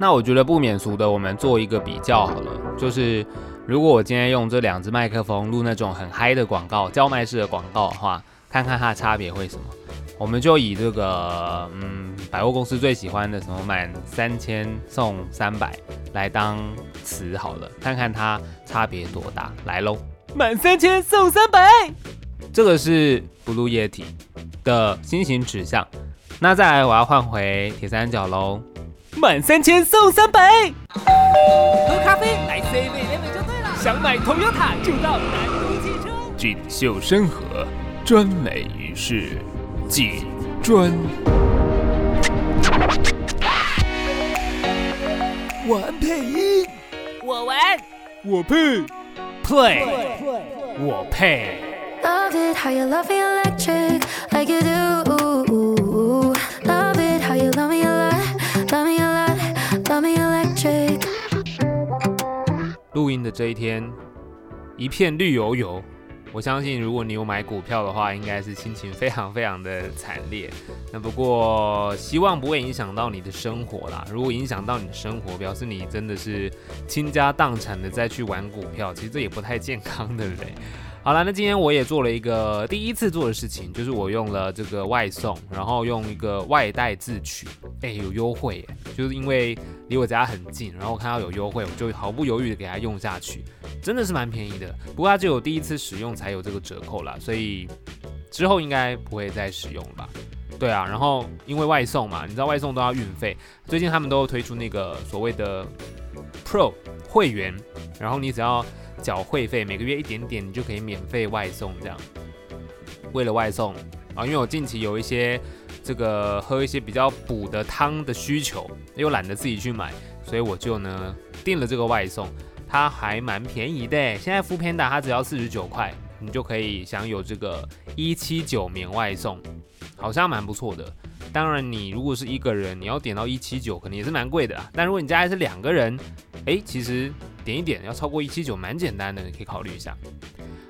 那我覺得不免俗的，我們做一個比較好了。就是如果我今天用這兩支麥克風錄那種很嗨的廣告、叫賣式的廣告的話，看看它的差別會什麼。我們就以這個嗯百貨公司最喜歡的什麼滿三千送三百來當詞好了，看看它差別多大。來嘍，滿三千送三百，這個是 Blue Yeti 的心型指向。那再來，我要換回鐵三角嘍。滿三千送三百，喝咖啡來 C V 兩杯就對了。想買 Toyota 就到南都汽車。錦繡山河，專美於世，錦磚。我配音，我玩，我配，play，我配。錄音的這一天，一片綠油油。我相信，如果你有買股票的話，應該是心情非常非常的慘烈。那不過，希望不會影響到你的生活啦。如果影響到你的生活，表示你真的是傾家蕩產的再去玩股票，其實這也不太健康的，的人。好了，那今天我也做了一個第一次做的事情，就是我用了這個外送，然後用一個外帶自取，誒、欸，有優惠耶，就是因為離我家很近，然後我看到有優惠，我就毫不猶豫的給他用下去，真的是蠻便宜的。不過他只有第一次使用才有這個折扣啦，所以之後應該不會再使用了吧？對啊，然後因為外送嘛，你知道外送都要運費，最近他們都有推出那個所謂的 Pro。會員，然後你只要繳會費，每個月一點點，你就可以免費外送這樣。為了外送啊，因為我近期有一些這個喝一些比較補的湯的需求，又懶得自己去買，所以我就呢訂了這個外送，它還蠻便宜的。現在 foodpanda 它只要四十九塊，你就可以享有這個一七九免外送，好像蠻不錯的。當然你如果是一個人，你要點到一七九，可能也是蠻貴的啊。但如果你家裡是兩個人，哎、欸，其實點一點要超過一七九，蠻簡單的，你可以考慮一下。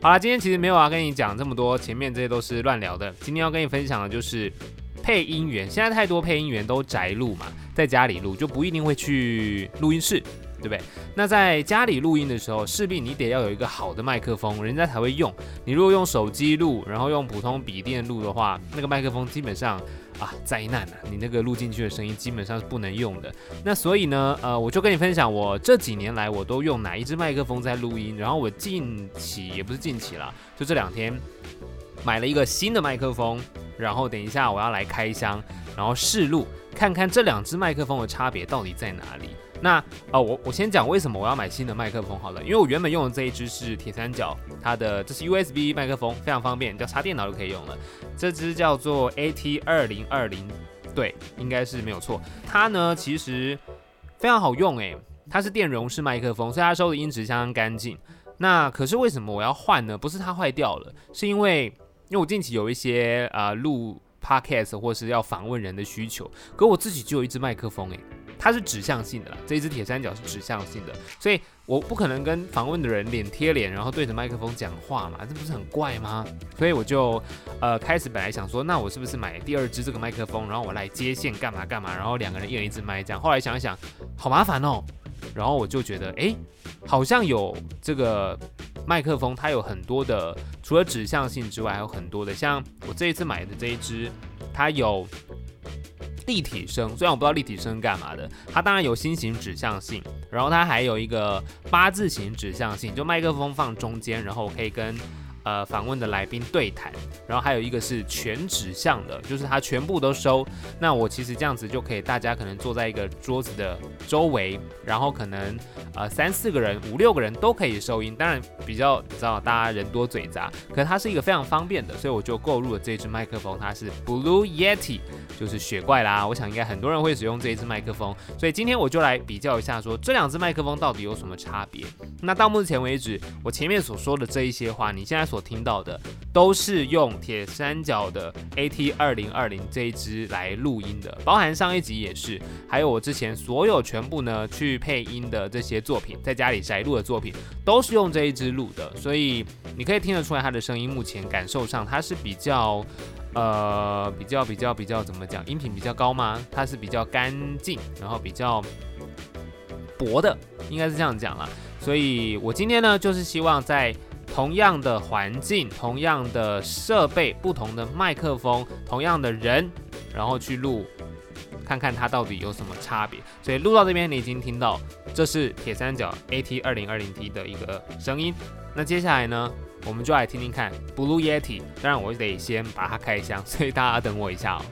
好了，今天其實沒有啊，跟你講這麼多，前面這些都是亂聊的。今天要跟你分享的就是配音員，現在太多配音員都宅錄嘛，在家裡錄，就不一定會去錄音室。對不對？那在家裡錄音的時候，勢必你得要有一個好的麥克風，人家才會用。你如果用手機錄，然後用普通筆電錄的話，那個麥克風基本上啊災難吶。你那個錄進去的聲音基本上是不能用的。那所以呢，呃，我就跟你分享我這幾年來我都用哪一支麥克風在錄音。然後我近期也不是近期了，就這兩天買了一個新的麥克風，然後等一下我要來開箱，然後試錄，看看這兩支麥克風的差別到底在哪裡。那啊、哦，我我先講為什麼我要買新的麥克風好了，因為我原本用的這一支是鐵三角，它的這是 USB 麥克風，非常方便，只要插電腦就可以用了。這支叫做 AT 二零二零，對，應該是沒有錯。它呢其實非常好用、欸，誒，它是電容式麥克風，所以它收的音質相當乾淨。那可是為什麼我要換呢？不是它壞掉了，是因為因為我近期有一些啊錄、呃、podcast 或是要訪問人的需求，可我自己只有一支麥克風、欸，誒。它是指向性的啦，這一支鐵三角是指向性的，所以我不可能跟訪問的人臉貼臉，然後對着麥克風講話嘛，這不是很怪嗎？所以我就呃開始本來想說，那我是不是買第二支這個麥克風，然後我來接線幹嘛幹嘛，然後兩個人一人一隻麥這樣。後來想一想好麻煩哦，然後我就覺得誒，好像有這個麥克風，它有很多的，除了指向性之外，還有很多的，像我這一次買的這一支，它有。立體聲，雖然我不知道立體聲幹嘛的，它當然有心型指向性，然後它還有一個八字形指向性，就麥克風放中間，然後可以跟。呃，訪問的來賓對談，然後還有一個是全指向的，就是它全部都收。那我其實這樣子就可以，大家可能坐在一個桌子的周圍，然後可能呃三四個人、五六個人都可以收音。當然，比較知道大家人多嘴雜，可它是一個非常方便的，所以我就購入了這支麥克風，它是 Blue Yeti，就是雪怪啦。我想應該很多人會使用這一支麥克風，所以今天我就來比較一下說，說這兩支麥克風到底有什麼差別。那到目前為止，我前面所說的這一些話，你現在所我聽到的都是用鐵三角的 AT2020 這一支來錄音的，包含上一集也是，還有我之前所有全部呢去配音的這些作品，在家裡宅錄的作品，都是用這一支錄的，所以你可以聽得出來它的聲音。目前感受上，它是比較呃比較比較比較怎麼講，音頻比較高嗎？它是比較乾淨，然後比較薄的，應該是這樣講啦。所以我今天呢，就是希望在。同樣的環境，同樣的設備，不同的麥克風，同樣的人，然後去錄，看看它到底有什麼差別。所以錄到這邊，你已經聽到，這是鐵三角 AT2020T 的一個聲音。那接下來呢，我們就來聽聽看 Blue Yeti。當然，我得先把它開箱，所以大家等我一下哦。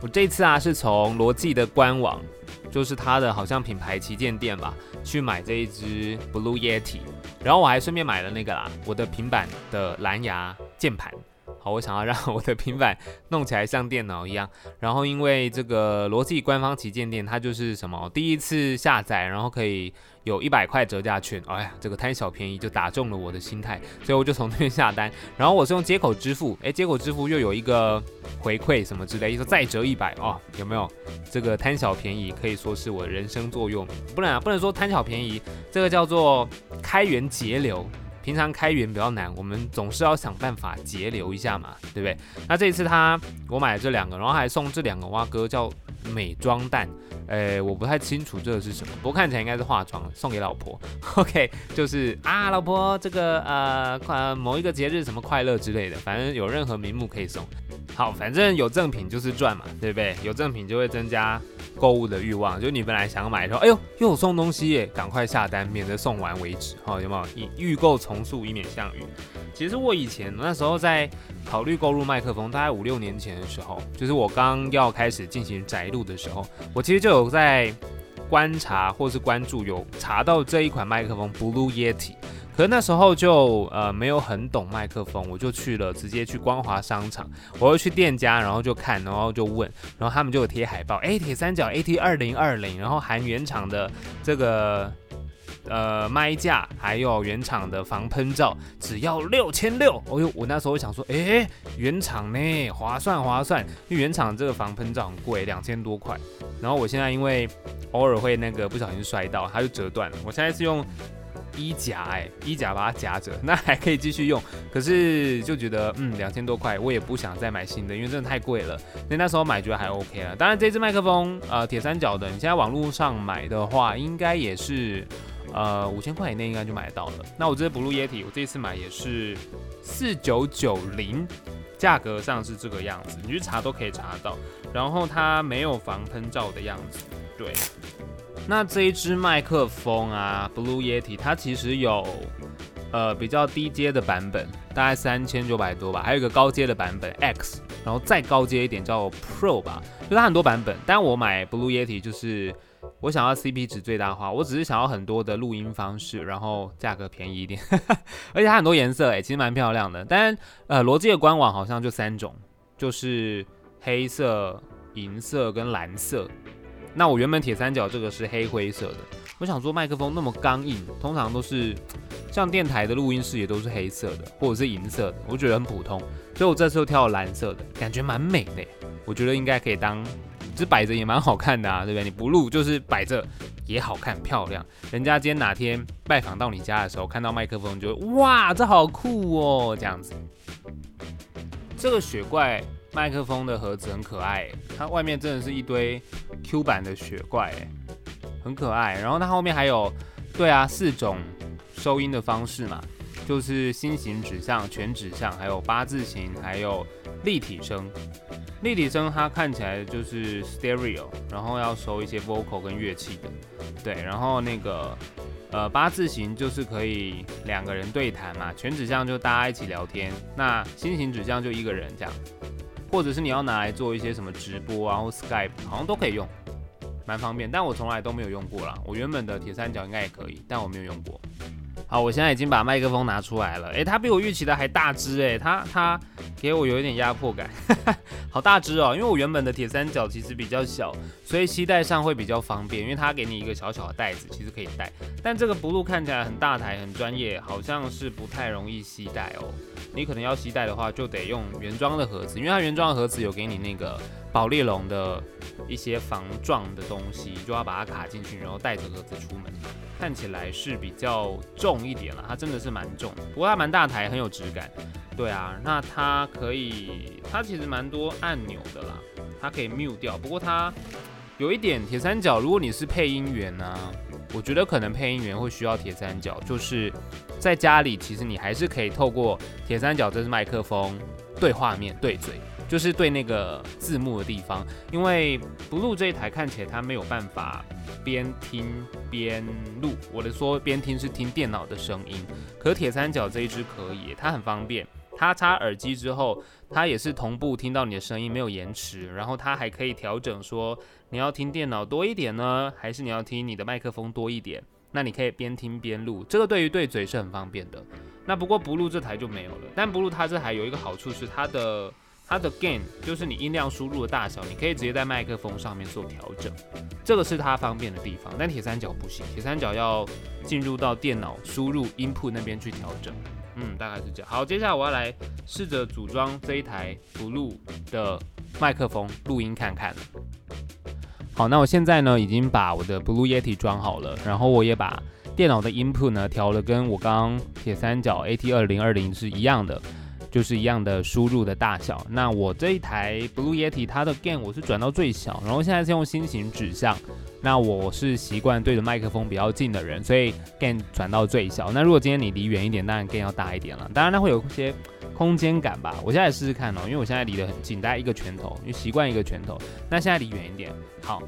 我這次啊，是從羅技的官網，就是它的好像品牌旗艦店吧。去買這一只 Blue Yeti，然後我還順便買了那個啦，我的平板的藍牙鍵盤。好，我想要讓我的平板弄起來像電腦一樣。然後因為這個羅技官方旗艦店，它就是什麼第一次下載，然後可以。有一百塊折價券，哎呀，這個貪小便宜就打中了我的心態，所以我就從那邊下單。然後我是用街口支付，哎、欸，街口支付又有一個回饋什麼之類，說再折一百哦，有沒有？這個貪小便宜可以說是我的人生作用，不能、啊、不能說貪小便宜，這個叫做開源節流。平常開源比較難，我們總是要想辦法節流一下嘛，對不對？那這一次他我買了這兩個，然後還送這兩個蛙哥叫美妝蛋。哎、欸，我不太清楚這是什麼，不過看起來應該是化妝，送給老婆。OK，就是啊，老婆，這個呃某一個節日什麼快樂之類的，反正有任何名目可以送。好，反正有贈品就是賺嘛，對不對？有贈品就會增加購物的慾望，就你本來想買的時候，哎呦，又有送東西耶，趕快下單，免得送完為止。好、哦，有沒有以預購從速，以免向隅？其實我以前那時候在考慮購入麥克風，大概五六年前的時候，就是我剛要開始進行宅錄的時候，我其實就有在觀察或是關注，有查到這一款麥克風 Blue Yeti，可是那時候就呃沒有很懂麥克風，我就去了直接去光華商場，我又去店家，然後就看，然後就問，然後他們就有貼海報，誒、欸，鐵三角 AT 二零二零，AT2020, 然後含原廠的這個。呃，麥架還有原廠的防噴罩，只要六千六。哦呦，我那時候想說，哎、欸，原廠呢，划算划算。因為原廠這個防噴罩很貴，兩千多塊。然後我現在因為偶爾會那個不小心摔到，它就折斷了。我現在是用衣、e、夾，哎，衣夾把它夾着，那還可以繼續用。可是就覺得，嗯，兩千多塊，我也不想再買新的，因為真的太貴了。那那時候買覺得還 OK 了、啊。當然，這只麥克風，呃，鐵三角的，你現在網絡上買的話，應該也是。呃，五千塊以內應該就買得到了。那我這支 Blue Yeti，我這次買也是四九九零，價格上是這個樣子，你去查都可以查得到。然後它沒有防噴罩的樣子，對。那這一支麥克風啊，Blue Yeti，它其實有。呃，比較低階的版本大概三千九百多吧，還有一個高階的版本 X，然後再高階一點叫 Pro 吧，就它很多版本。但我買 Blue Yeti 就是我想要 CP 值最大化，我只是想要很多的錄音方式，然後價格便宜一點， 而且它很多顏色、欸，哎，其實蠻漂亮的。但呃，羅技的官網好像就三種，就是黑色、銀色跟藍色。那我原本鐵三角這個是黑灰色的。我想說，麥克風那麼剛硬，通常都是像電台的錄音室也都是黑色的，或者是銀色的，我覺得很普通。所以我這次又挑了藍色的，感覺蠻美的。我覺得應該可以當，就是擺着也蠻好看的啊，對不對？你不錄就是擺着也好看漂亮。人家今天哪天拜訪到你家的時候，看到麥克風就會，就哇，這好酷哦、喔，這樣子。這個雪怪麥克風的盒子很可愛，它外面真的是一堆 Q 版的雪怪很可愛，然後它後面還有，對啊，四種收音的方式嘛，就是心形指向、全指向，還有八字形，還有立體聲。立體聲它看起來就是 stereo，然後要收一些 vocal 跟樂器的，對，然後那個呃八字形就是可以兩個人對談嘛，全指向就大家一起聊天，那心形指向就一個人這樣，或者是你要拿來做一些什麼直播然後 Skype，好像都可以用。蠻方便，但我從來都沒有用過啦。我原本的鐵三角應該也可以，但我沒有用過。好，我現在已經把麥克風拿出來了。誒、欸，它比我預期的還大只，誒，它它。給我有一點壓迫感， 好大只哦！因為我原本的鐵三角其實比較小，所以攜帶上會比較方便，因為它給你一個小小的袋子，其實可以帶。但這個 Blue 看起來很大台，很專業，好像是不太容易攜帶哦。你可能要攜帶的話，就得用原裝的盒子，因為它原裝的盒子有給你那個保麗龍的一些防撞的東西，就要把它卡進去，然後帶着盒子出門。看起來是比較重一點了，它真的是蠻重，不過它蠻大台，很有質感。對啊，那它可以，它其實蠻多按鈕的啦，它可以 mute 掉。不過它有一點鐵三角，如果你是配音員呢，我覺得可能配音員會需要鐵三角，就是在家裡其實你還是可以透過鐵三角這支麥克風對畫面對嘴，就是對那個字幕的地方。因為不錄這一台看起來它沒有辦法邊聽邊錄，我的說邊聽是聽電腦的聲音，可鐵三角這一支可以，它很方便。它插耳機之後，它也是同步聽到你的聲音，沒有延遲。然後它還可以調整說，說你要聽電腦多一點呢，還是你要聽你的麥克風多一點？那你可以邊聽邊錄，這個對於對嘴是很方便的。那不過不錄這台就沒有了。但不錄它這台有一個好處是它的它的 gain，就是你音量輸入的大小，你可以直接在麥克風上面做調整，這個是它方便的地方。但鐵三角不行，鐵三角要進入到電腦輸入 input 那邊去調整。嗯，大概是這樣。好，接下來我要來試着組裝這一台 Blue 的麥克風錄音看看。好，那我現在呢已經把我的 Blue Yeti 裝好了，然後我也把電腦的 input 呢調了，跟我剛剛鐵三角 AT 二零二零，是一樣的。就是一樣的輸入的大小。那我這一台 Blue Yeti，它的 Gain 我是轉到最小，然後現在是用心形指向。那我是習慣對着麥克風比較近的人，所以 Gain 轉到最小。那如果今天你離遠一點，當然 Gain 要大一點了。當然它會有一些空間感吧。我現在試試看哦、喔，因為我現在離得很近，大概一個拳頭，就習慣一個拳頭。那現在離遠一點，好。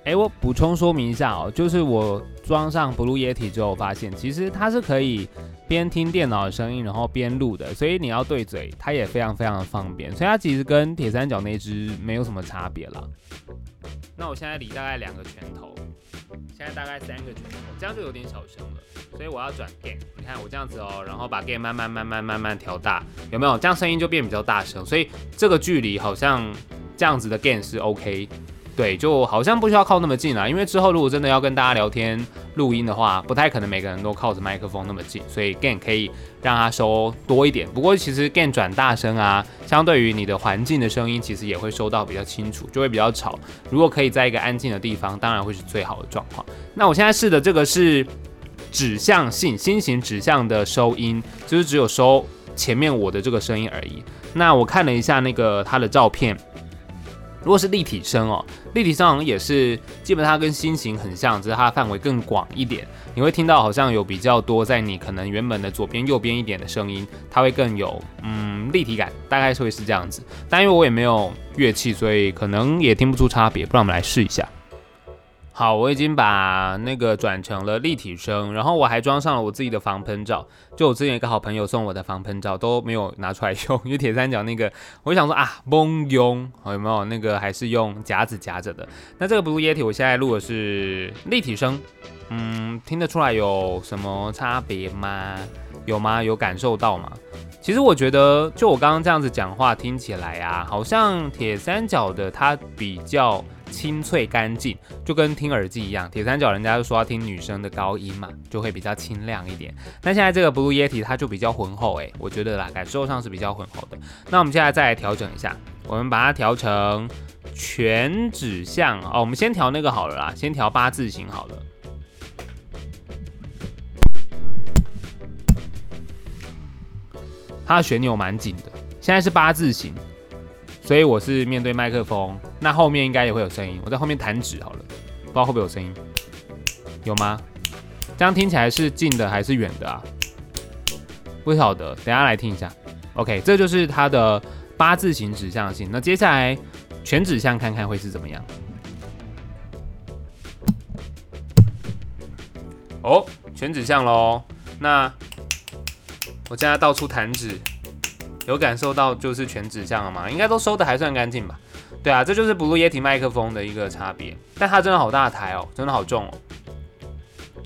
哎、欸，我補充說明一下哦、喔，就是我裝上 Blue Yeti 之後發現，其實它是可以邊聽電腦的聲音，然後邊錄的。所以你要對。嘴，它也非常非常的方便，所以它其實跟鐵三角那只沒有什麼差別了。那我現在離大概兩個拳頭，現在大概三個拳頭，這樣就有點小聲了。所以我要轉 gain，你看我這樣子哦、喔，然後把 gain 慢慢慢慢慢慢調大，有沒有？這樣聲音就變比較大聲。所以這個距離好像這樣子的 gain 是 OK。對，就好像不需要靠那麼近了，啊，因為之後如果真的要跟大家聊天錄音的話，不太可能每個人都靠着麥克風那麼近，所以 Gain 可以讓它收多一點。不過其實 Gain 轉大聲啊，相對於你的環境的聲音，其實也會收到比較清楚，就會比較吵。如果可以在一個安靜的地方，當然會是最好的狀況。那我現在試的這個是指向性心形指向的收音，就是只有收前面我的這個聲音而已。那我看了一下那個他的照片。如果是立體聲哦，立體聲好像也是，基本上它跟心形很像，只是它的範圍更廣一點，你會聽到好像有比較多在你可能原本的左邊、右邊一點的聲音，它會更有嗯立體感，大概是會是這樣子。但因為我也沒有樂器，所以可能也聽不出差別。不然我們來試一下。好，我已經把那個轉成了立體聲，然後我還裝上了我自己的防噴罩，就我之前一個好朋友送我的防噴罩都沒有拿出來用，因為鐵三角那個，我就想說啊，嗡嗡，有沒有那個還是用夾子夾着的？那這個 BLUE YETI，我現在錄的是立體聲，嗯，聽得出來有什麼差別嗎？有嗎？有感受到嗎？其實我覺得，就我剛剛這樣子講話聽起來呀、啊，好像鐵三角的它比較。清脆乾淨，就跟聽耳機一樣。鐵三角人家就說要聽女生的高音嘛，就會比較清亮一點。那現在這個 Blue Yeti 它就比較渾厚誒、欸，我覺得啦，感受上是比較渾厚的。那我們現在再來調整一下，我們把它調成全指向哦。我們先調那個好了啦，先調八字形好了。它的旋鈕蠻緊的，現在是八字形。所以我是面對麥克風，那後面應該也會有聲音。我在後面彈指好了，不知道會不會有聲音？有嗎？這樣聽起來是近的還是遠的啊？不曉得，等一下來聽一下。OK，這就是它的八字形指向性。那接下來全指向看看會是怎麼樣？哦，全指向嘍。那我現在到處彈指。有感受到就是全指向了嗎？應該都收得還算乾淨吧。對啊，這就是 Blue Yeti 麥克風的一個差別，但它真的好大台哦，真的好重哦。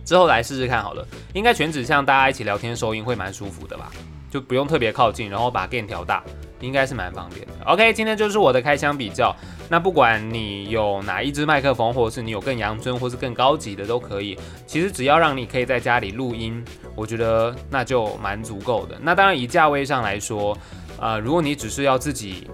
之後來試試看好了，應該全指向大家一起聊天收音會蠻舒服的吧，就不用特別靠近，然後把 Gain 調大，應該是蠻方便的。OK，今天就是我的開箱比較，那不管你有哪一支麥克風，或者是你有更陽春或是更高級的都可以，其實只要讓你可以在家裡錄音。我覺得那就蠻足夠的。那當然以價位上來說，啊、呃，如果你只是要自己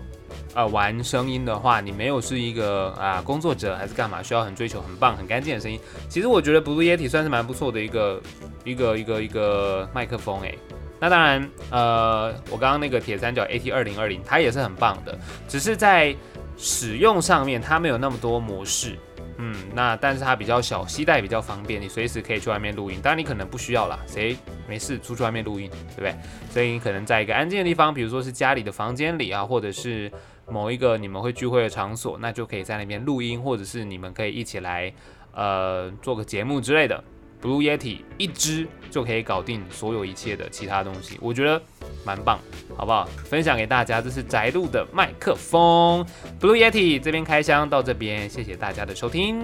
啊、呃、玩聲音的話，你沒有是一個啊、呃、工作者還是幹嘛，需要很追求很棒很乾淨的聲音。其實我覺得 Blue Yeti 算是蠻不錯的一個一個一個一個麥克風誒。那當然，呃，我剛剛那個鐵三角 AT 二零二零它也是很棒的，只是在使用上面它沒有那麼多模式。嗯，那但是它比較小，攜帶比較方便，你隨時可以去外面錄音。當然你可能不需要啦。誰沒事出去外面錄音，對不對？所以你可能在一個安靜的地方，比如說是家裡的房間裡啊，或者是某一個你們會聚會的場所，那就可以在那邊錄音，或者是你們可以一起來，呃，做個節目之類的。Blue Yeti 一支就可以搞定所有一切的其他東西，我覺得。蠻棒，好不好？分享給大家，這是宅錄的麥克風，Blue Yeti，這邊開箱到這邊，謝謝大家的收聽。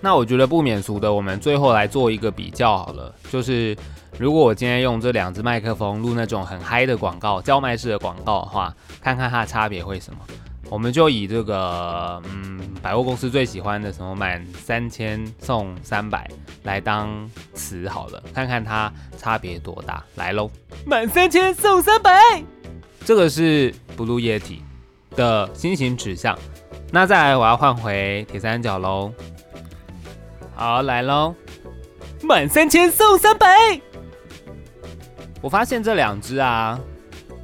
那我覺得不免俗的，我們最後來做一個比較好了，就是如果我今天用這兩只麥克風錄那種很嗨的廣告、叫賣式的廣告的話，看看它的差別會什麼。我們就以這個，嗯，百貨公司最喜歡的什麼滿三千送三百來當詞好了，看看它差別多大。來嘍，滿三千送三百，這個是 Blue Yeti 的新型指向。那再來，我要換回鐵三角嘍。好，來嘍，滿三千送三百。我發現這兩只啊，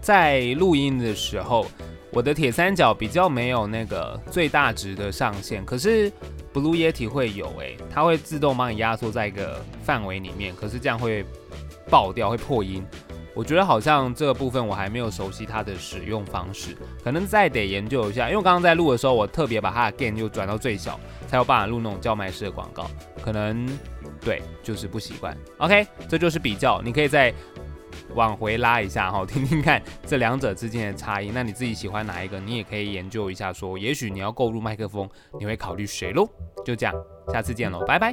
在錄音的時候。我的鐵三角比較沒有那個最大值的上限，可是 Blue Yeti 會有，欸，誒，它會自動幫你壓縮在一個範圍裡面，可是這樣會爆掉，會破音。我覺得好像這個部分我還沒有熟悉它的使用方式，可能再得研究一下。因為剛剛在錄的時候，我特別把它的 gain 就轉到最小，才有辦法錄那種叫賣式的廣告。可能對，就是不習慣。OK，這就是比較，你可以在。往回拉一下哈，聽聽看這兩者之間的差異。那你自己喜歡哪一個？你也可以研究一下。說也許你要購入麥克風，你會考慮誰嘍？就這樣，下次見嘍，拜拜。